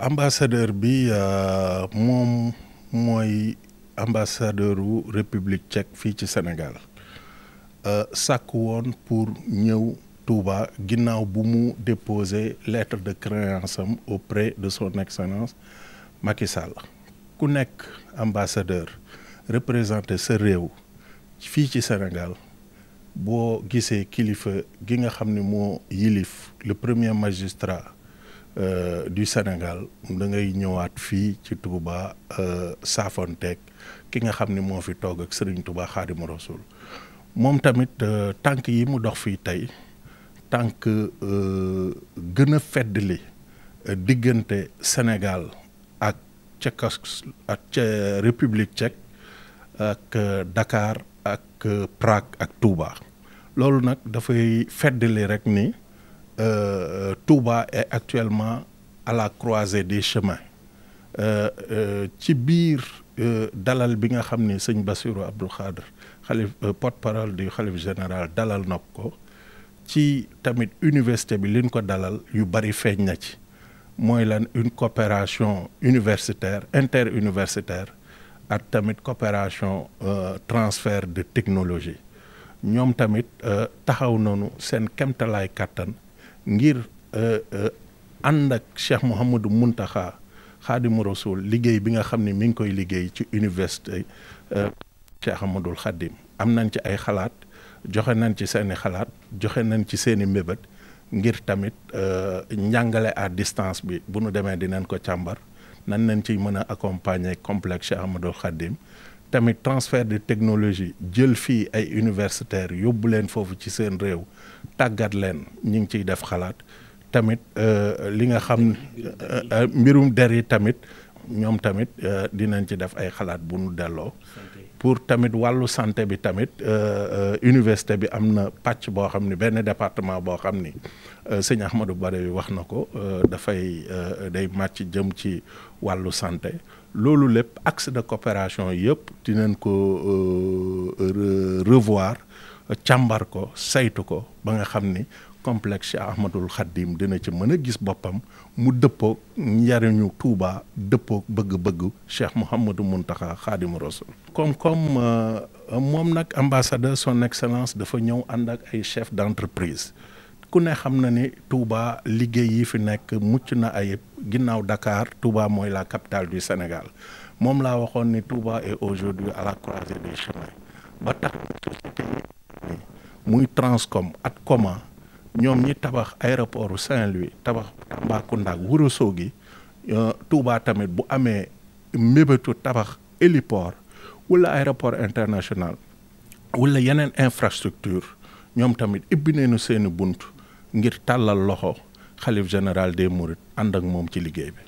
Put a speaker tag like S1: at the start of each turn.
S1: ambassadeur bi euh, moom mooy ambassadeur wu république tchèque fii ci Sénégal euh, sàkk woon pour ñëw Touba ginnaaw bu mu déposer lettre de créance am auprès de son excellence Macky Sall ku nekk ambassadeur représenté sa réew fii ci Sénégal boo gisee kilifa gi nga xam ni moo yilif le premier magistra Euh, du Sénégal da ngay ñëwaat fii ci Touba euh, Safonteeg ki nga xam ni moo fi toog ak Serigne Touba Xaadimu Rasuul moom tamit euh, tànk yi mu dox fii tey tànk gën a feddali diggante Sénégal ak Tchécos ak République tchèque ak dakaar ak Prague ak Touba loolu nag dafay feddali rek ni. euh, Touba est actuellement à la croisée des chemins euh, euh, ci biir euh, dalal bi nga xam ni sëñ Bassirou Abdou Khadre xalif porte-parole du xalif général dalal nag ko ci tamit université bi liñ ko dalal yu bari feeñ na ci mooy lan une coopération universitaire interuniversitaire ak tamit coopération transfert de technologie ñoom tamit taxaw noonu seen kemtalaay kàttan ngir euh, euh, ànd ak Cheikh Mouhamadou Mountakha Xaadimu Rasul liggéey bi nga xam ne mi ngi koy liggéey ci université euh, Cheikh Ahmadoul Khadim am nañ ci ay xalaat joxe nañ ci seeni xalaat joxe nañ ci seeni mbébét ngir tamit njàngale à distance bi bu nu demee dinañ ko càmbar nan nañ ciy mën a accompagner complexe Cheikh Ahmadoul Khadim tamit transfert de technologie jël fii ay universitaire yóbbu leen foofu ci seen réew tàggat leen ñu ngi ciy def xalaat tamit euh, li nga xam euh, mbirum der yi tamit ñoom tamit euh, dinañ ci def ay xalaat bu nu delloo pour tamit wàllu santé bi tamit université bi am na pàcc boo xam ni benn département boo xam ni sëñ Ahmadou Bare bi wax na ko dafay day màcc jëm ci wàllu santé loolu lépp axe de coopération yëpp dinañ ko revoir càmbar ko saytu ko ba nga xam ni complexe Ahmadul Xaddim dina ci mën a gis boppam mu dëppoo njariñu Touba dëppoog bëgg-bëgg Cheikh mun Mountakha Xaadimu Rasul koom-koom euh, moom nag ambassadeur son excellence dafa ñëw ànd ak ay chef d'entreprise ku ne xam na ni Touba liggéey yi fi nekk mucc na ay ginnaaw Dakar Touba mooy la capital du Sénégal moom laa waxoon ni Touba est aujourd'hui à la croisée des chemins muy Transcom ak comment ñoom ñi tabax aéroport Saint-Louis tabax Tambacounda ak Ourossogui euh, Touba tamit bu amee mébétu tabax héliport wala aéroport international wala yeneen infrastructure ñoom tamit ibbi nañu seeni bunt ngir tàllal loxo xalif général des mourides ànd ak moom ci liggéey bi